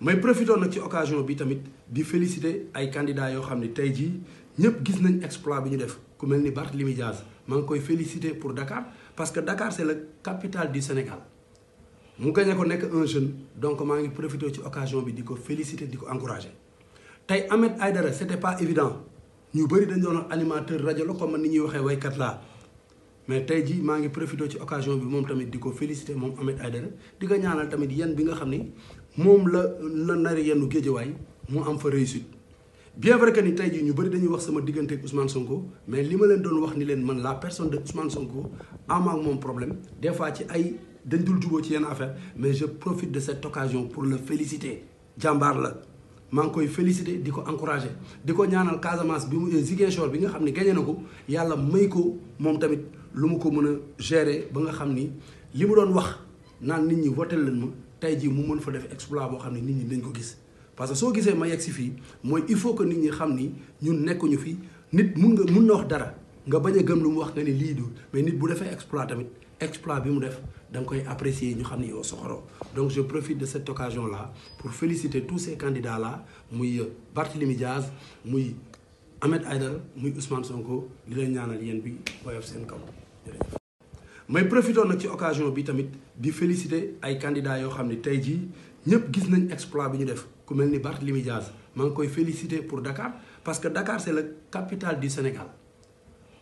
may profité nag ci occasion bi tamit di félicité ay candidats yoo xam ne tey jii ñëpp gis nañ exploit bi ñu def ku mel ni Barthélémy Dias maa ngi koy félicité pour Dakar parce que Dakar c'est la capitale du Sénégal mu gagné ko nekk un jeune donc maa ngi profité ci occasion bi di ko félicité di ko encourager tey Ahmed Aïdara c'était pas évident ñu bëri dañ doon animateur rajo la ko comme ni ñuy waxee waykat laa mais tey jii maa ngi profité ci occasion bi moom tamit di ko félicité moom Ahmed Aidara di ñaanal tamit yan bi nga xam ni moom la la nari yennu géejawaay mu am fa réussite. bien vrai que ni tey jii ñu bëri dañuy wax sama diggante ak Ousmane Sonko mais li ma leen doon wax ni leen man la personne de Ousmane Sonko am ak moom problème des fois ci ay dañ dul juboo ci yenn affaire mais je profit de cette occasion pour le féliciter jàmbaar la. maa ngi koy félicité di ko encouragé di ko ñaanal Casamance bi mu Ziguinchor bi nga xam ne gagné na ko yàlla may ko moom tamit lu mu ko mën a gérer ba nga xam ni li mu doon wax naan nit ñi votel leen ma tey jii mu mën fa def exploit boo xam ne nit ñi dañ ko gis. parce que soo gisee ma yegg si fii mooy il faut que nit ñi xam ni ñun nekkuñu fi nit mun nga mun na wax dara. nga bañ a gëm lu mu wax nga ne lii du mais nit bu defee exploit tamit exploit bi mu def danga koy apprécier ñu xam ne yow soxoroo donc je profite de cette occasion là pour féliciter tous ces candidats là muy Barthélémy Diaz muy Ahmed Aïdara muy Ousmane Sonko li leen ñaanal yéen bi woyof seen kaw jërëjëf may profitoon nag ci occasion bi tamit di féliciter ay candidats yoo xam ne tey jii ñëpp gis nañ exploit bi ñu def ku mel ni Barthélémy Diaz maa ngi koy féliciter pour Dakar parce que Dakar la capitale du Sénégal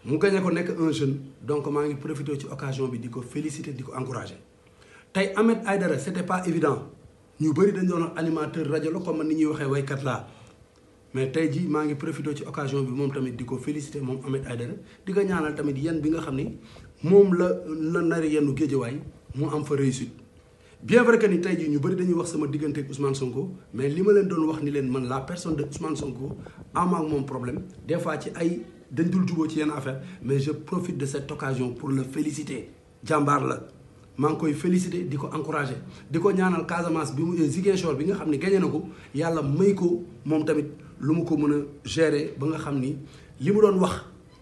mu gagné ko nekk un jeune donc maa ngi profité ci occasion bi di ko féliciter di ko encourager tey Ahmed Aïdara c'était pas évident ñu bëri dañ doon animateur rajo la ko comme ni ñuy waxee waykat laa mais tey jii maa ngi profité ci occasion bi moom tamit di ko féliciter moom Ahmed Aïdara di ko ñaanal tamit yan bi nga xam ni moom la la nari yennu géejawaay mu am fa réussite. bien vrai que ni tey jii ñu bëri dañuy wax sama diggante ak Ousmane Sonko mais li ma leen doon wax ni leen man la personne de Ousmane Sonko am moom problème des fois ci ay. dañu dul juboo ci yenn affaire mais je profite de cette occasion pour le féliciter jàmbaar la maa ngi koy félicité di ko encourager di ko ñaanal Casamance bi mu eh, Ziguinchor bi xam ne gagné na ko yàlla may ko moom tamit lu mu ko mën a gérer ba nga xam ni li mu doon wax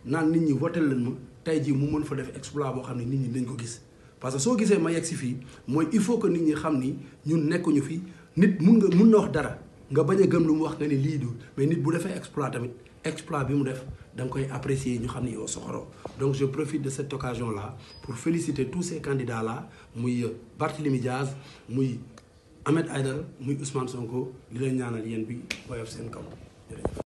naan nit ñi votel leen ma tey jii mu mën fa def exploit boo xam ne nit ñi dañ ko gis parce que soo gisee ma yegg si fii mooy il faut que nit ñi xam ni ñun nekkuñu fi nit mun nga mun na wax dara. nga bañ a gëm lu mu wax nga ni lii du mais nit bu defee exploit tamit exploit bi mu def danga koy apprécier ñu xam ni yow soxoroo donc je profite de cette occasion la pour féliciter tous ces candidats la muy Barthélémy Diaz muy Ahmed Aïdara muy Ousmane Sonko li leen ñaanal yéen bi woyof seen kaw